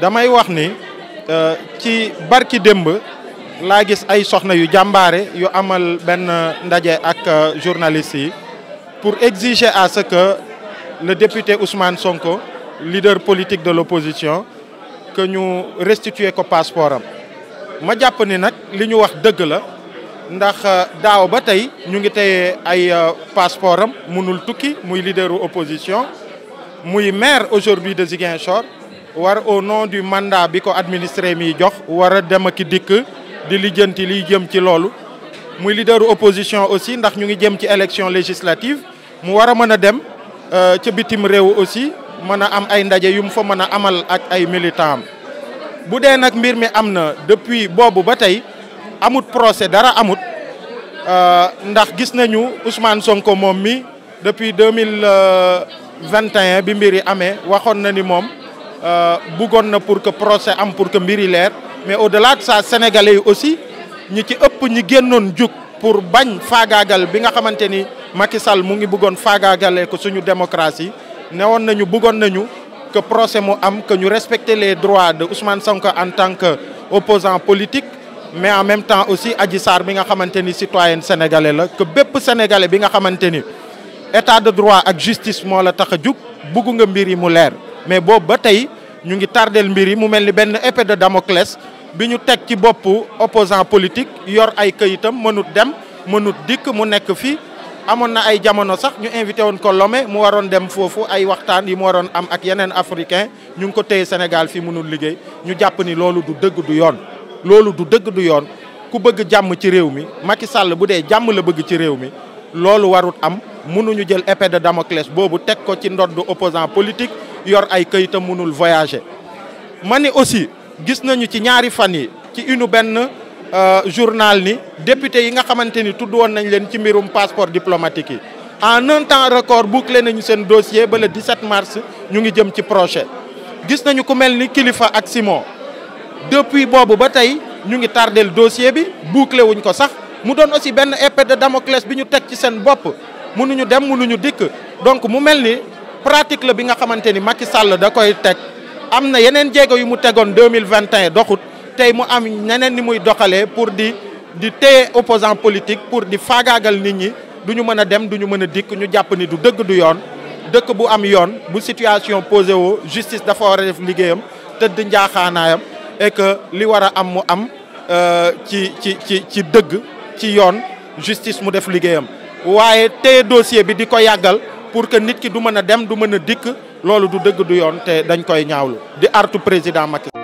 damay wax ni euh, ci barki démb laa gis ay soxna yu jàmbaare yu amal benn ndaje ak euh, journalistes yi pour exiger à ce que le député Ousmane Sonko leader politique de l'opposition que ñu restituer ko passeport am ma jàpp ni nag li ñu wax dëgg la ndax euh, daaw ba tey ñu ngi tey ay passeport am mënul tukki muy leaderu opposition muy maire aujourd'hui de Ziguinchor war au non du mandat bi ko administré mi jox war a dem ak dikk di lijjanti li jëm ci loolu muy leaderu opposition aussi ndax ñu ngi jëm ci élection législative mu war a mën a dem euh, ca bitim réew aussi mën a am ay ndaje yu mu fa mën a amal ak ay militant am bu dee nag mbir mi am na depuis boobu ba tey amut procès dara amut euh, ndax gis nañu Ousmane Sonko moom mi depuis deux mille euh, vingt et un bi mbir yi amee waxoon na ni moom Euh, buggoon na pour que procès am pour que mbir yi leer mais au delà de ça sénégalais yi aussi ñi ci ëpp ñi génnoon jug pour bañ faagaagal bi nga xamante ni Macky Sall mu ngi bëggoon faagaagalee ko suñu démocratie woon nañu buggoon nañu que procès mu am que ñu respecter les droits de Ousmane Sonko en tant que opposant politique mais en même temps aussi Adji Sarr bi nga xamante ni citoyenne sénégalais la que bépp sénégalais bi nga xamante ni état de droit ak justice moo la tax a jug bëgg nga mbir yi mu leer mais boobu ba tey ñu ngi tardeel mbir yi mu mel ni benn épée de Damoclès bi ñu teg ci boppu opposant politique yor ay kayitam mënut dem mënut dikk mu nekk fii amoon na ay jamono sax ñu invité woon ko lome mu waroon dem foofu ay waxtaan yi mu waroon am ak yeneen africain ñu ngi ko téye Sénégal fii mënul liggéey ñu jàpp ni loolu du dëgg du yoon loolu du dëgg du yoon ku bëgg jàmm ci réew mi Macky Sall bu dee jàmm la bëgg ci réew mi loolu warut am mënuñu jël épée de Damoclès boobu teg ko ci ndodd opposant politique yor ay kayitam munul voyager. ma ni aussi gis nañu ci ñaari fan yi ci une benn euh, journal ni député yi nga xamante ni tudd woon nañ leen ci mbirum passeport diplomatique yi en un temps record bouclé nañu seen dossier ba le 17 mars ñu ngi jëm ci projet gis nañu ku mel ni kilifa ak Simon depuis boobu ba tey ñu ngi tardel dossier bi bouclé wuñ ko sax mu doon aussi benn épée de Damoclès bi ñu teg ci seen bopp nu ñu dem mënuñu dikk donc mu mel ni pratique la bi nga xamante ni Macky Sall da koy teg am na yeneen jéego yu mu tegoon deux mille vingt et un doxut tey mu am ñeneen ni muy doxalee pour di di téye opposant politique pour di faagaagal nit ñi du ñu mën a dem du ñu mën a dikk ñu jàpp ni du dëgg du yoon dëkk bu am yoon bu situation posé woo justice dafa war a def liggéeyam tëdd njaaxaanaayam et que li war a am mu am euh, ci ci ci ci dëgg ci yoon justice mu def liggéeyam waaye te dossier bi di ko yàggal pour que nit ki du mën a dem du mën a dikk loolu du dëgg du yoon te dañ koy ñaawlu di artu président Macky